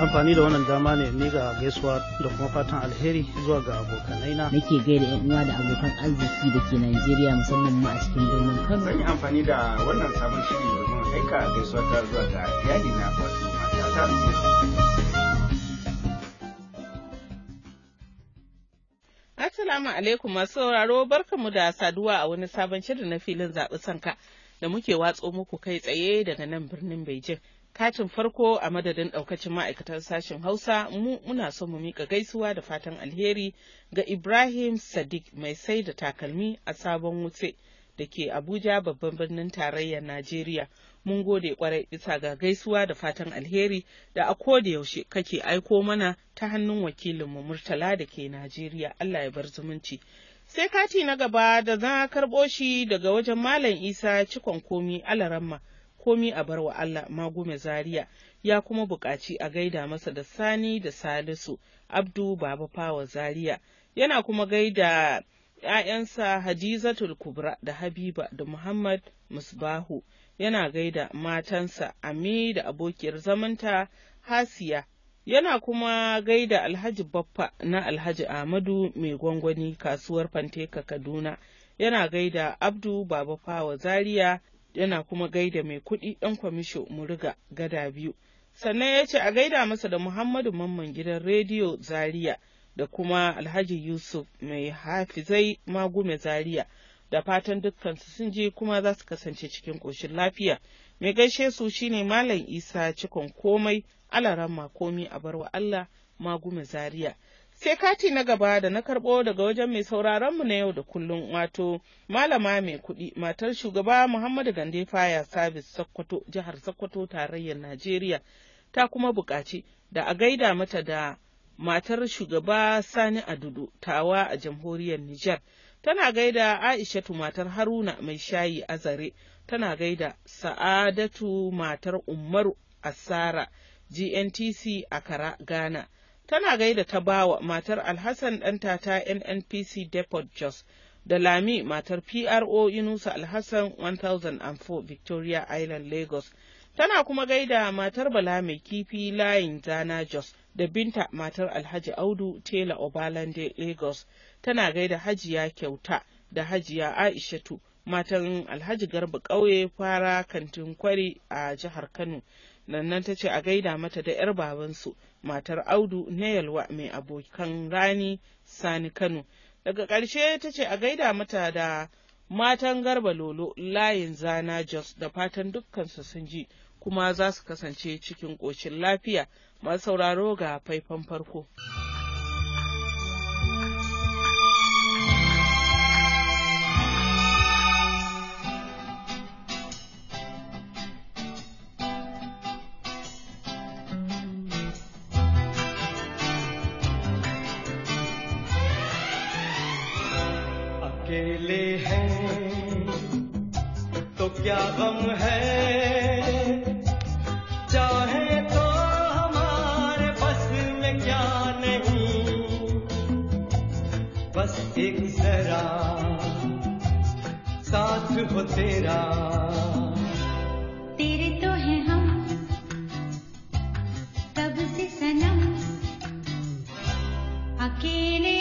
amfani da wannan dama ne ni ga gaisuwa da kuma fatan alheri zuwa ga abokanai na nake gaida yan uwa da abokan arziki da ke Najeriya musamman ma a cikin birnin Kano zan yi amfani da wannan sabon shiri domin aika gaisuwa ta zuwa ga iyali na wato Assalamu alaikum masu sauraro barkamu da saduwa a wani sabon shirin na filin zaɓi sanka da muke watso muku kai tsaye daga nan birnin Beijing. katin farko a madadin ɗaukacin ma'aikatar sashen hausa mu muna son mu mika gaisuwa da fatan alheri ga ibrahim sadiq mai sai da takalmi a sabon wutse da ke abuja babban birnin tarayyar najeriya mun gode kwarai bisa ga gaisuwa da fatan alheri da a da yaushe kake aiko mana ta hannun wakilin mu murtala da ke najeriya allah ya bar zumunci sai kati na gaba da za karɓo shi daga wajen malam isa cikon komi alaramma komi a barwa Allah magume zariya ya kuma buƙaci a gaida masa da sani da salisu abdu baba fawa zaria yana kuma gaida ‘ya'yansa Hadizatul Kubra da Habiba da Muhammad Musbahu yana gaida matansa Ami da abokiyar zamanta Hasiya yana kuma gaida Alhaji Baffa na Alhaji Ahmadu mai gwangwani kasuwar Fanteka Kaduna yana gaida Abdu Baba Fawa Zaria yana kuma gaida mai kuɗi ɗan kwamisho Muriga gada biyu. Sannan ya ce a gaida masa da Muhammadu Mamman gidan rediyo Zaria da kuma Alhaji Yusuf mai hafizai magume Zaria da fatan dukkansu sun je kuma za su kasance cikin ƙoshin lafiya. Mai gaishe su shine Malam Isa cikon komai alaramma komi a barwa Allah magume Zaria. sai kati na gaba da na karɓo daga wajen mai mu na yau da kullum wato malama mai kuɗi matar shugaba muhammadu gande faya service sokoto jihar sokoto tarayyar najeriya ta kuma buƙaci da a gaida mata da matar shugaba sani adudu tawa a jamhuriyar nijar tana gaida aishatu matar haruna mai shayi a zare, tana gaida sa'adatu matar umaru asara gntc a kara ghana tana gaida ta bawa matar alhassan ɗanta ta nnpc depot jos da lami matar pro inusa alhassan 1004 victoria island lagos tana kuma gaida matar bala mai kifi layin zana jos da binta matar alhaji audu tela obalande lagos tana gaida hajiya kyauta da hajiya aishatu matan alhaji garba ƙauye fara kantin kwari a jihar kano nan ta ce a gaida mata da 'yar babansu matar Audu na yalwa mai abokan rani Sani Kano. Daga ƙarshe ta ce a gaida mata da matan garba lolo layin zana Jos da fatan dukkansu sun ji kuma za su kasance cikin ƙoshin lafiya masu sauraro ga faifan farko. अकेले हैं तो क्या गम है चाहे तो हमारे बस में क्या नहीं बस एक जरा साथ हो तेरा तेरे तो हैं हम तब से सनम अकेले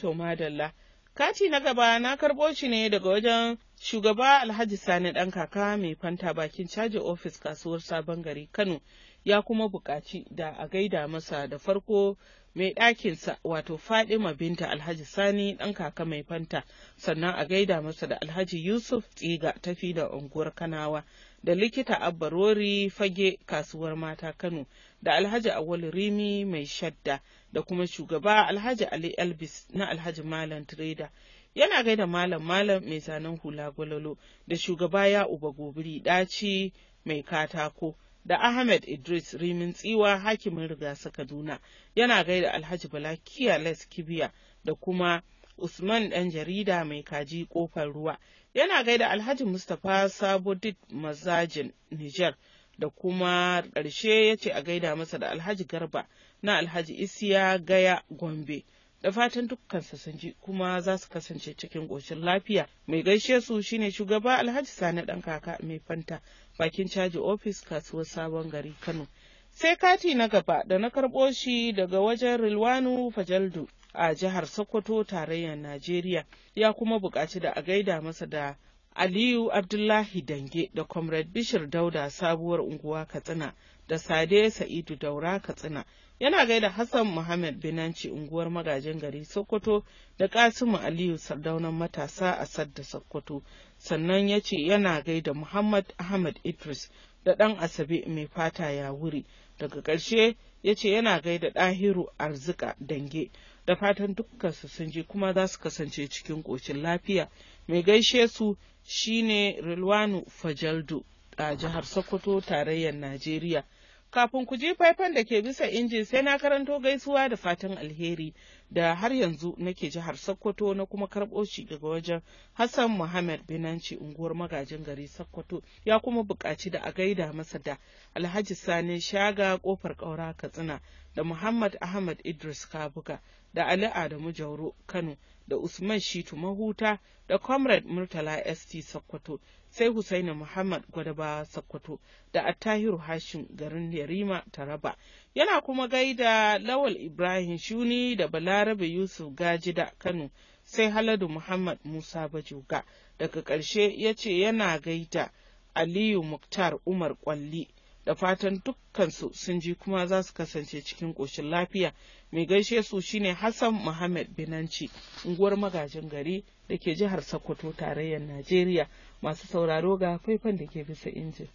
To madalla. Kati na gaba na karɓo shi ne daga wajen shugaba Alhaji Sani ɗan kaka mai fanta bakin caji ofis kasuwar sabon gari Kano ya kuma buƙaci da a gaida masa da farko mai ɗakinsa wato Fadima binta Alhaji Sani ɗan kaka mai fanta sannan a gaida masa da Alhaji Yusuf Tsiga tafi da unguwar Kanawa da likita Abba Rori fage kasuwar mata Kano da Alhaji Awal Rimi mai shadda da kuma shugaba Alhaji Ali Elbis na Alhaji Malam Trader. Yana gaida Malam Malam mai zanen hula gwalolo da shugaba ya uba gobiri ɗaci mai katako. da Ahmed Idris Rimin Tsiwa hakimin rigasa Kaduna yana gaida Alhaji Bala Kiyales Kibiya da kuma Usman ɗan jarida mai kaji ƙofar ruwa yana gaida Alhaji Mustapha Sabodit Mazajin Nijar da kuma ƙarshe ya ce a gaida masa da alhaji garba na alhaji isiya gaya gombe da fatan dukkansa sun ji kuma za su kasance cikin ƙoshin lafiya mai gaishe su shine shugaba alhaji sani ɗan kaka mai fanta bakin caji ofis kasuwar sabon gari kano sai kati na gaba da na karɓo shi daga wajen rilwanu fajaldu a jihar sokoto tarayyar najeriya ya kuma buƙaci da a gaida masa da Aliyu Abdullahi Dange da Comrade Bishir Dauda sabuwar unguwa Katsina da Sade Sa'idu Daura Katsina. Yana gaida Hassan Muhammad Binanci unguwar magajin gari Sokoto da Kasimu Aliyu Sardaunan matasa a Sadda Sokoto. Sannan ya ce yana gaida Muhammad Ahmad Idris da ɗan Asabe mai fata ya wuri. Daga ƙarshe ya ce yana gaida ɗahiru arzika dange da fatan dukkansu sun ji kuma za su kasance cikin ƙoshin lafiya mai gaishe su shine Rilwanu Fajaldo a jihar Sokoto tarayyar Najeriya. Kafin ku ji faifan da ke bisa injin, sai na karanto gaisuwa da fatan alheri da har yanzu nake jihar Sokoto na kuma karɓo shi daga wajen Hassan Muhammad Binanci unguwar magajin gari Sokoto ya kuma buƙaci da a gaida masa da Alhaji Sani Shaga kofar kaura Katsina da Muhammad Ahmad Idris Kabuga da Ali Adamu Jauro Kano da Usman Shitu Mahuta da Comrade Murtala ST Sokoto sai Husaini Muhammad Gwadaba Sokoto da Attahiru Hashim garin Yarima Taraba. Yana kuma gaida Lawal Ibrahim Shuni da Balarabe Yusuf Gajida Kano sai Haladu Muhammad Musa Bajoga. Daga ƙarshe ya ce yana gaida Aliyu Muktar Umar Kwalli da fatan dukkansu sun ji kuma za su kasance cikin ƙoshin lafiya mai gaishe su shine hassan muhammad binanci unguwar magajin gari da ke jihar sokoto tarayyar najeriya masu sauraro ga faifan da ke bisa injin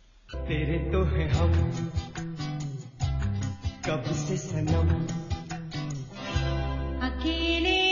Akili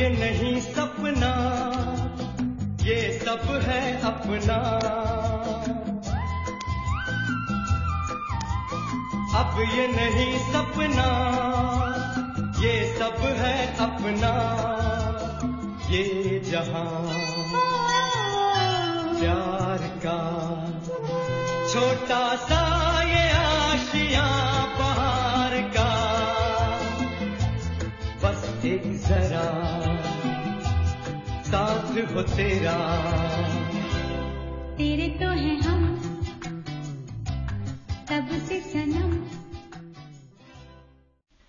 ये नहीं सपना ये सब है अपना अब ये नहीं सपना ये सब है अपना ये जहां प्यार का छोटा सा तेरा तेरे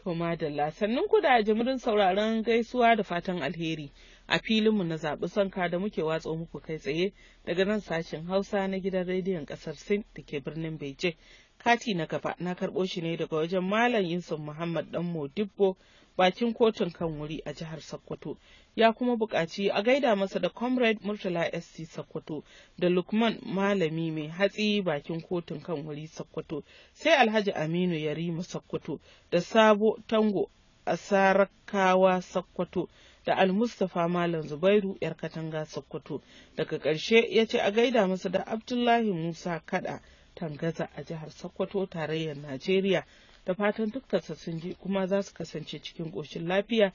तो madalla ku da jimirin sauraron gaisuwa da fatan alheri a filinmu na zaɓi sanka da muke watsa muku kai tsaye daga nan sashen Hausa na gidan rediyon ƙasar Sin da ke birnin Beje. Kati na gaba na karɓo shi ne daga wajen Malam Yusuf Muhammad ɗan Modibbo bakin kotun kan wuri a jihar Sokoto ya kuma buƙaci a gaida masa da comrade murtala sc sokoto da lukman malami mai hatsi bakin kotun kan wuri sokoto sai alhaji aminu yarima sokoto da sabo tango asarakawa sokoto da almustapha malam zubairu yar katanga sokoto daga ƙarshe ya ce a gaida masa da abdullahi musa kada tangaza a jihar sokoto tarayyar najeriya da fatan dukkansa sun ji kuma za su kasance cikin ƙoshin lafiya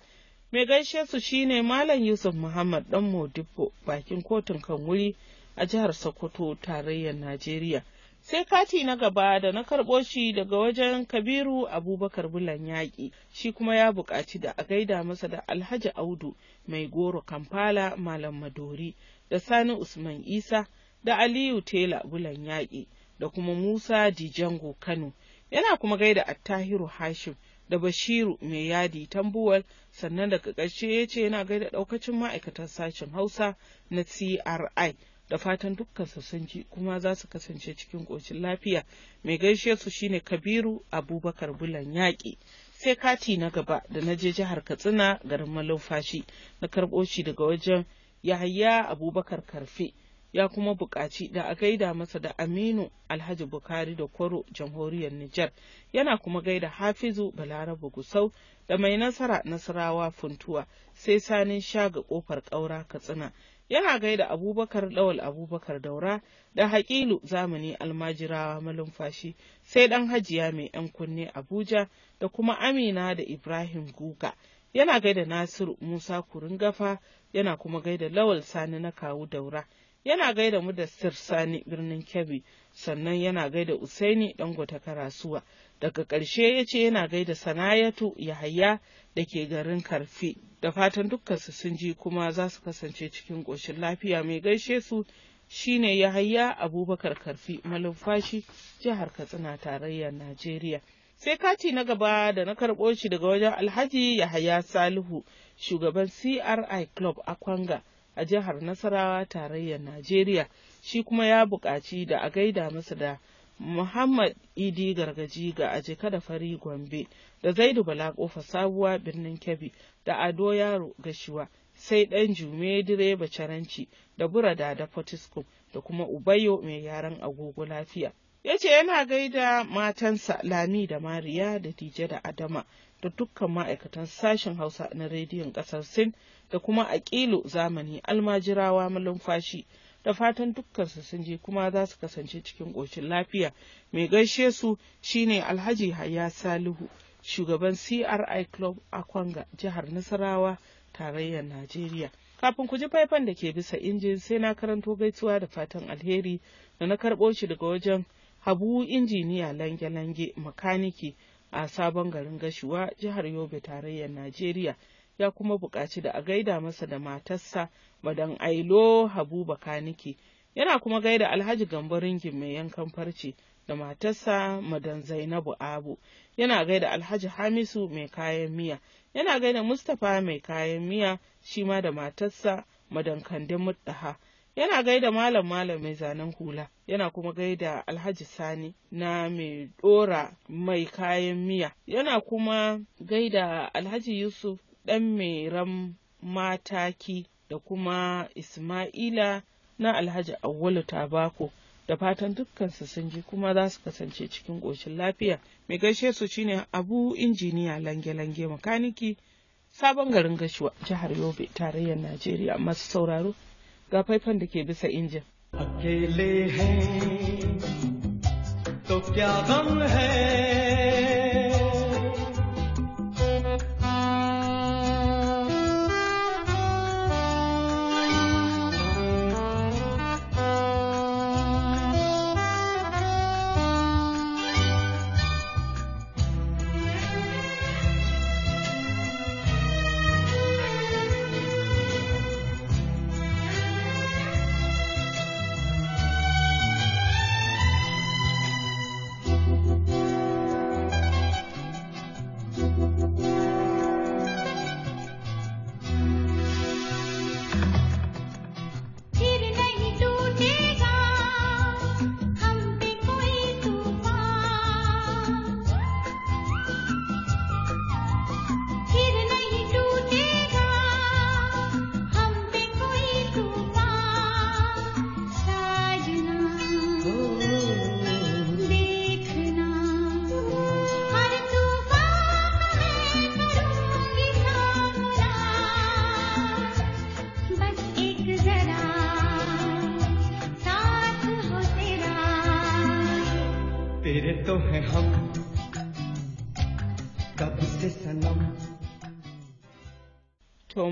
mai gaishe su shine malam yusuf muhammad dan modipo bakin kotun kan wuri a jihar sokoto tarayyar najeriya sai kati na gaba da na karɓo shi daga wajen kabiru abubakar bulan yaƙi shi kuma ya buƙaci da a gaida masa da alhaji audu mai goro kampala malam madori da sani usman isa da aliyu tela bulan yaƙi da kuma musa dijango kano yana kuma gaida attahiru hashim da Bashiru mai yadi tambuwal sannan daga ƙarshe ya ce yana gaida ɗaukacin ma'aikatar sashen Hausa na CRI da fatan dukkan su sun ji kuma za su kasance cikin ƙoshin lafiya mai gaishe su shine Kabiru Abubakar Bulan Yaƙi. sai kati na gaba da na je jihar Katsina garin Malumfashi na karɓo shi daga wajen Yahaya Abubakar Karfe. ya kuma buƙaci da a gaida masa da aminu alhaji bukari da kwaro jamhuriyar nijar yana kuma gaida hafizu balarabu gusau da mai nasara nasarawa funtuwa sai sanin shaga ƙofar ƙaura katsina yana gaida abubakar lawal abubakar daura da haƙilu zamani almajirawa malumfashi sai ɗan hajiya mai 'yan kunne abuja da kuma amina da ibrahim guga yana gaida nasiru musa kurin gafa yana kuma gaida lawal sani na kawu daura yana gaida mu da sirsani birnin kebbi sannan yana gaida usaini gota karasuwa daga ƙarshe ya ce yana gaida sanayatu yahaya da ke garin karfi da fatan su sun ji kuma za su kasance cikin ƙoshin lafiya mai gaishe su shine yahaya abubakar karfi malumfashi jihar katsina tarayyar najeriya sai kati na gaba da na karɓo shi daga wajen alhaji yahaya salihu shugaban cri club akwanga a jihar Nasarawa tarayyar Najeriya shi kuma ya buƙaci da a gaida masa da Muhammad Idi Gargaji ga Ajika da Fari Gombe da Zaidu Bala Kofa Sabuwa Birnin Kebbi da Ado Yaro Gashiwa sai ɗan Jume Direba Caranci da Burada da Fortisco da kuma Ubayo mai yaran agogo lafiya. ya ce yana gaida matansa Lami da Mariya da Dije da Adama da dukkan ma'aikatan sashen Hausa na rediyon ƙasar Sin da kuma Aƙilu zamani almajirawa malumfashi da fatan dukkansu sun je kuma za su kasance cikin ƙoshin lafiya. Mai gaishe su shine Alhaji Haya Salihu, shugaban CRI Club a Kwanga, jihar Nasarawa, tarayyar Najeriya. Kafin ku ji faifan da ke bisa injin sai na karanto gaisuwa da fatan alheri da na karɓo shi daga wajen habu injiniya lange-lange makaniki a sabon garin gashuwa jihar yobe tarayyar najeriya ya kuma buƙaci da a gaida masa da matarsa madan ailo habu bakaniki yana kuma gaida alhaji gambo ringin mai yankan farce da matarsa madan zainabu abu yana gaida alhaji hamisu mai kayan miya yana gaida mustapha mai kayan miya shima da matarsa madan kande muddaha yana gaida malam malam mai zanen hula yana kuma gaida alhaji sani na mai dora mai kayan miya yana kuma gaida alhaji yusuf dan mai ram mataki da kuma ismaila na alhaji awwalu tabako da fatan dukkansu sun ji kuma za su kasance cikin ƙoshin lafiya mai gaishe su shine abu injiniya lange-lange makaniki sabon garin gashuwa jihar yobe tarayyar najeriya masu sauraro ga faifan da ke bisa injin. Akele hai, to kya gham hai.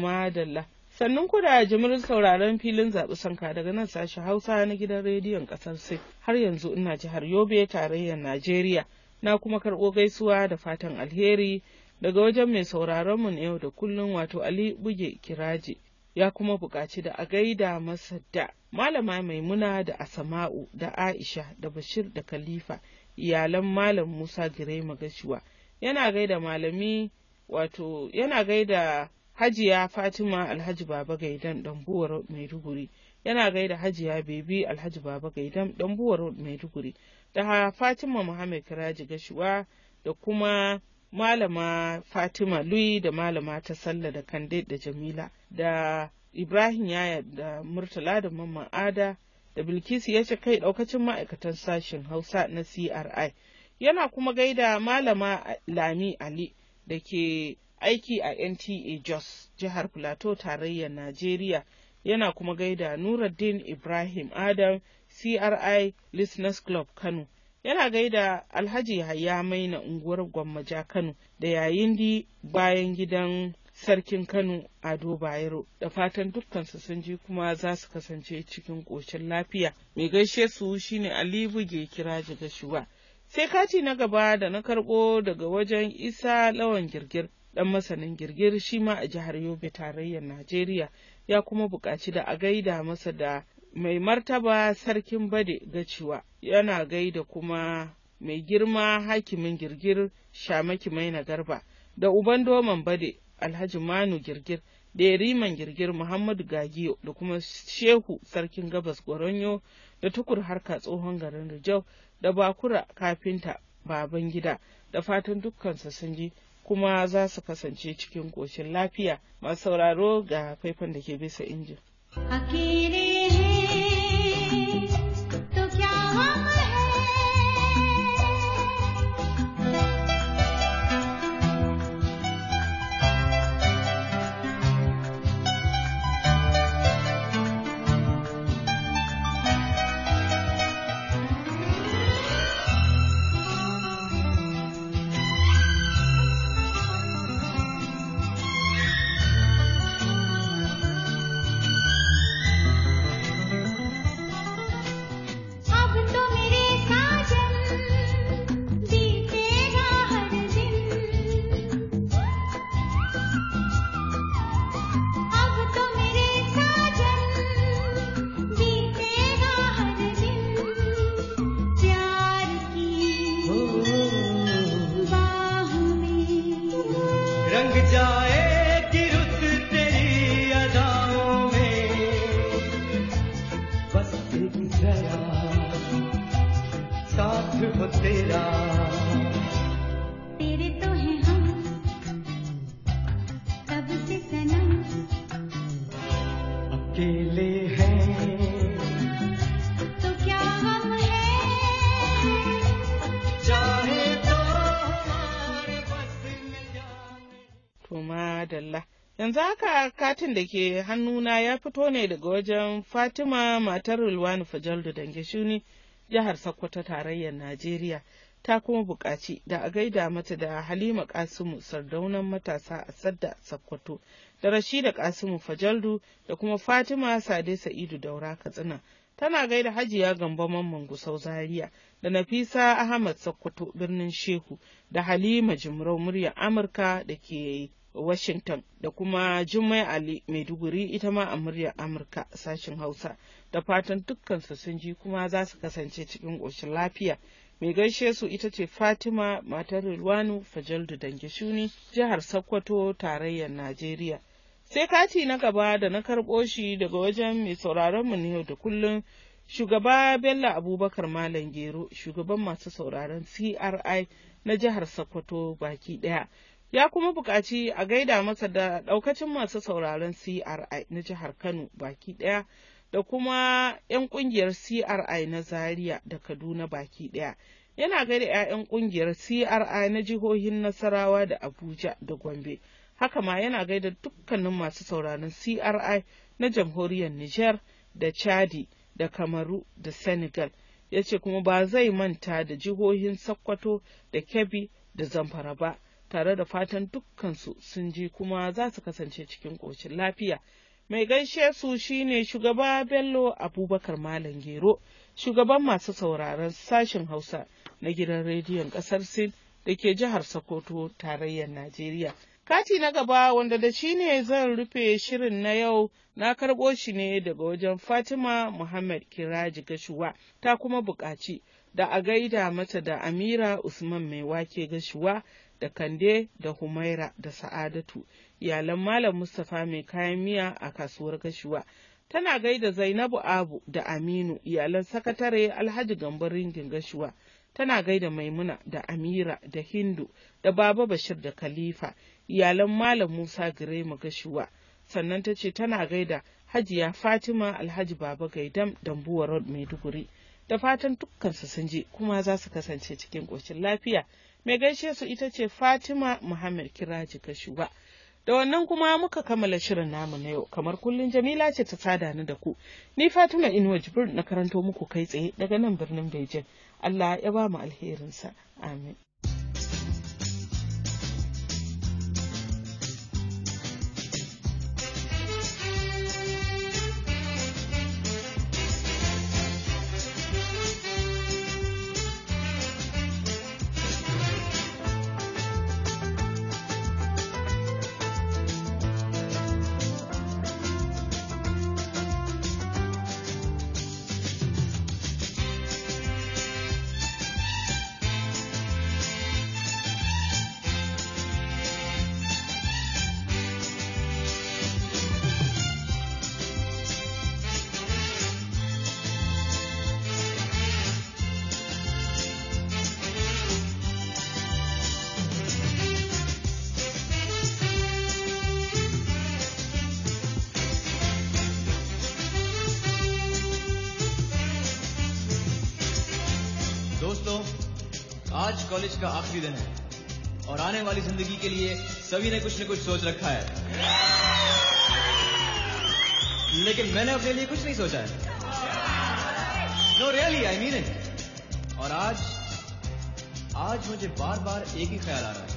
madalla. Sannan ku da jimirin sauraron filin zaɓi sanka daga nan sashen Hausa na gidan rediyon ƙasar Sin har yanzu ina jihar Yobe tarayyar Najeriya na kuma karɓo gaisuwa da fatan alheri daga wajen mai sauraron mu na yau da kullum wato Ali Buge kiraje ya kuma buƙaci da a gaida masa da Malama Maimuna da Asama'u da Aisha da Bashir da Khalifa iyalan Malam Musa Girema Magashiwa. yana gaida malami wato yana gaida Hajiya Fatima Alhaji Baba Gaidan Ɗanbuwar Maiduguri yana gaida Hajiya Bebi Alhaji Baba Gaidan Ɗanbuwar Maiduguri da Fatima Muhammad Kiraji Gashuwa da kuma Malama Fatima Lui da Malama ta Sallah da Kande da Jamila da Ibrahim Yaya da Murtala da Mamman Ada da Bilkisu ya ce kai ɗaukacin ma'aikatan sashen Hausa na CRI. Yana kuma gaida Malama Lami Ali da ke aiki a nta jos jihar plateau tarayyar najeriya yana kuma gaida nuruddin ibrahim adam cri listeners club kano yana gaida alhaji yahaya maina unguwar gwammaja kano da yayin di bayan gidan sarkin kano ado bayero da fatan dukkansu sun ji kuma za su kasance cikin ƙoshin lafiya mai gaishe su shine ali buge kira jigashuwa sai kati na gaba da na karɓo daga wajen isa lawan girgir dan masanin girgir shi ma a jihar Yobe tarayyar Najeriya ya kuma buƙaci da a gaida masa da mai martaba sarkin bade gaciwa yana gaida kuma mai girma hakimin girgir shamaki maina garba da uban doman bade alhaji manu girgir da riman girgir muhammadu gagiyo da kuma shehu sarkin gabas goronyo da tukur harka tsohon garin rijau da bakura kafinta baban gida da fatan dukkansa sun ji kuma za su kasance cikin ƙoshin lafiya masu sauraro ga faifan da ke bisa injin. Hakiri die. yanzu haka katin da ke hannuna ya fito ne daga wajen Fatima matar Rulwani Fajaldu Dangeshuni jihar Sokoto tarayyar Najeriya ta kuma buƙaci da a gaida mata da Halima Kasimu sardaunan matasa a Sadda Sokoto da Rashida Kasimu Fajaldu da kuma Fatima Sade Sa'idu Daura Katsina tana gaida Hajiya Gambo Mamman Gusau Zaria da Nafisa Ahmad Sokoto birnin Shehu da Halima Jimrau murya Amurka da ke Washington da kuma Jummai Ali Maiduguri ita ma a muryar Amurka sashin Hausa da fatan dukkansu sun ji kuma za su kasance cikin ƙoshin lafiya. Mai gaishe su ita ce Fatima matar Rilwanu Fajaldu Dangishuni jihar Sokoto tarayyar Najeriya. Sai kati na gaba da na karɓo shi daga wajen mai sauraron mu yau da kullum shugaba Bello Abubakar Malam Gero shugaban masu sauraron CRI na jihar Sokoto baki ɗaya. ya kuma buƙaci a gaida masa da ɗaukacin masu sauraron CRI na jihar Kano baki ɗaya da kuma 'yan ƙungiyar CRI na Zaria da Kaduna baki ɗaya. Yana gaida 'ya'yan ƙungiyar CRI na jihohin Nasarawa da Abuja da Gombe. Haka ma yana gaida dukkanin masu sauraron CRI na jamhuriyar Nijar da Chadi da Kamaru da Senegal. Ya ce kuma ba zai manta da jihohin Sokoto da Kebbi da Zamfara ba. tare da fatan dukkansu sun ji kuma za su kasance cikin ƙoshin lafiya. Mai gaishe su shine shugaba Bello Abubakar Malam Gero, shugaban masu sauraron sashen Hausa na gidan rediyon ƙasar Sin da ke jihar Sokoto, tarayyar Najeriya. Kati na gaba wanda da shi ne zan rufe shirin na yau na karɓo shi ne daga wajen Fatima Muhammad Kiraji Gashuwa ta kuma buƙaci da a gaida mata da Amira Usman Mai Wake Gashuwa da Kande da Humaira da Sa'adatu, iyalan Malam Mustapha mai kayan miya a kasuwar Gashuwa. Tana gaida Zainabu Abu da Aminu iyalan sakatare Alhaji Gambar Ringin Gashuwa. Tana gaida Maimuna da Amira da Hindu da Baba Bashir da Khalifa iyalan Malam Musa Girema Gashuwa. Sannan ta ce tana gaida Hajiya Fatima Alhaji Baba Gaidam Dambuwa Road Maiduguri. Da fatan dukkansu sun je kuma za su kasance cikin ƙoshin lafiya. mai gaishe su ita ce fatima muhammad kiraji kashuwa da wannan kuma muka kammala shirin namu na yau kamar kullum jamila ce ta sada ni da ku ni fatima inuwa Jibril na karanto muku kai tsaye daga nan birnin Bejin. allah ya ba mu alherinsa amin आज college का आखिरी दिन है और आने वाली जिंदगी के लिए सभी ने कुछ न कुछ सोच रखा है लेकिन मैंने अपने लिए कुछ नहीं सोचा है no really I mean it और आज आज मुझे बार बार एक ही ख्याल आ रहा है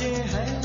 ये है